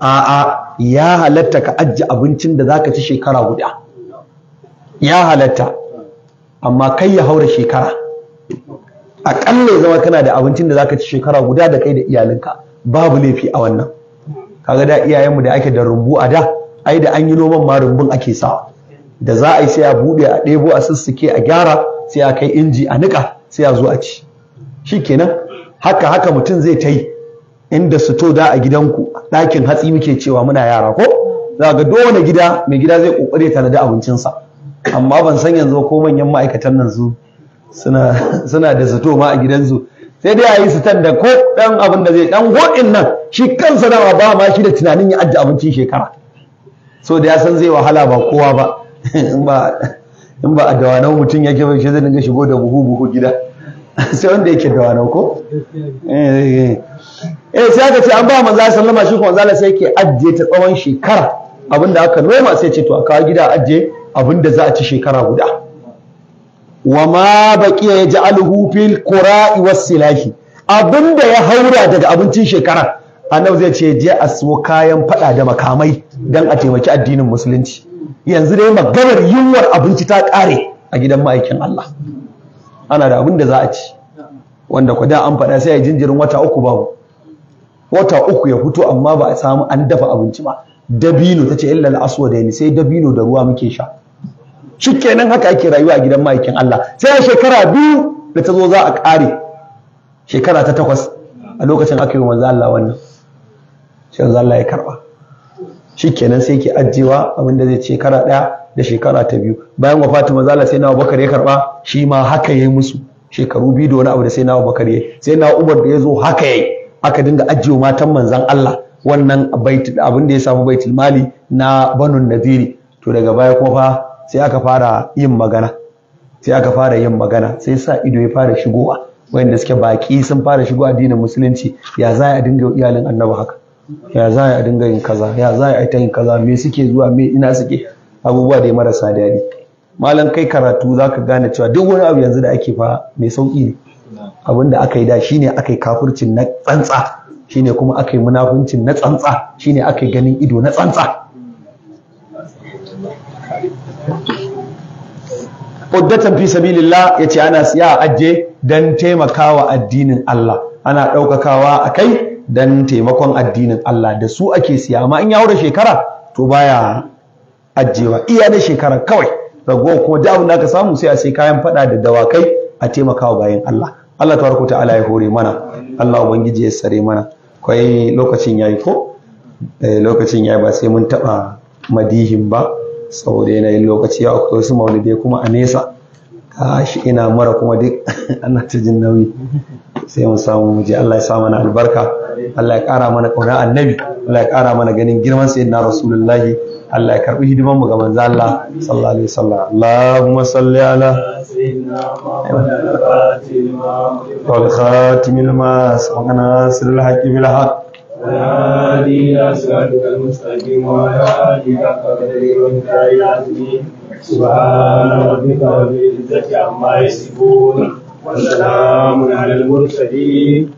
a'a ya halatta ka ajiye abincin da za ka ci shekara guda ya halatta amma kai ya haura shekara aƙalla ya zama kana da abincin da za ka ci shekara guda da kai da iyalinka babu laifi a wannan kaga da iyayenmu da ake da rumbu a da ai da an yi noman ma rumbun ake sawa da za a yi sai a buɗe a ɗebo a sassake a gyara sai a kai inji a niƙa sai a zo a ci shi kenan haka haka mutum zai ta yi inda su to da a gidanku ɗakin hatsi muke cewa muna yara ko za ga dole gida mai gida zai ƙoƙari ya da abincinsa amma ban san yanzu ko manyan ma'aikatan nan su suna da zato ma a gidansu sai dai a yi su da ko ɗan abin da zai ɗan goɗin nan shi kansa dama ba ma shi da tunanin ya ajiye abincin shekara so da ya san zai wahala ba kowa ba in ba a dawanau mutum yake bai shi zai dinga shigo da buhu buhu gida sai wanda yake dawanau ko eh, eh, eh. eh sai aka ce an ba manzo sallama shi kuma zalla sai yake ajiye ta tsawon shekara abinda aka noma sai ce to a kawo gida ajiye abinda za a ci shekara guda wa ma baqiya yaj'aluhu fil qura'i was silahi abinda ya haura daga abincin shekara annabi zai ce je a kayan fada da makamai dan a taimaki addinin musulunci yanzu dai maganar yunwar abinci ta ƙare a gidan ma'aikin Allah ana da abin da za a ci wanda kwa da an faɗa sai ya jinjirin wata uku babu wata uku ya fito amma ba a samu an dafa abinci ba dabino ta ce illal ni sai dabino da ruwa muke sha shikenan haka ake rayuwa a gidan ma'aikin Allah sai a shekara biyu da ta zo za a ƙare shekara ta takwas a lokacin aka yi manzo Allah wannan sai manzo Allah ya karba shikenan sai ajiyewa abin da zai ce kara daya da shekara ta biyu bayan wafatin manzo Allah sai na Abubakar ya karba shi ma haka yayi musu shekaru biyu da wani abu da sai na Abubakar yayi sai na Umar da yazo haka yayi aka dinga ajjewa matan manzon Allah wannan abin da ya samu baitul mali na banun Naziri. to daga baya kuma fa sai aka fara yin magana sai aka fara yin magana sai sa ido ya fara shigowa wayanda suke baki sun fara shigo addinin musulunci ya za a dinga iyalin annabi haka ya za a dinga yin kaza ya za a ta yin kaza me suke zuwa me ina suke abubuwa dai marasa daɗi malam kai karatu za ka gane cewa duk wani abu yanzu da ake fa mai sauƙi ne abinda da aka yi da shi ne aka yi kafircin na tsantsa shi ne kuma aka yi munafuncin na tsantsa shi ne aka yi ganin ido na tsantsa uddatan fi sabilillah yace ana siya a ajiye dan taimakawa addinin Allah ana ɗaukakawa a kai Dan taimakon addinin Allah da su ake siya amma in ya haura shekara to baya ajewa iya na shekara kawai ragowa kuma da abin da aka samu sai a sai kayan fada da dawakai a taimakawa bayan Allah Allah tabaraka ta'ala ya hore mana Allah ubangiji ya sare mana kai lokacin yayi ko eh, lokacin yayi ba sai mun taba madihin ba saboda yanayin lokaci ya akwai wasu maulidai kuma a nesa kashi ina mara kuma duk ana ta jin nauyi sai mu samu muje Allah ya sa mana albarka Allah ya ƙara mana ƙaunar annabi Allah ya ƙara mana ganin girman sayyidina rasulullahi Allah ya karɓi hidiman mu ga manzo Allah sallallahu alaihi wasallam Allahumma salli ala sayyidina Muhammad al-Khatim al-Mas wa nasir al-Hakim al-Haq وهادي أسألك المستقيم وهادي قدري وانتهي عزمي سبحان ربك رب العزة عما يصفون وسلام على المرسلين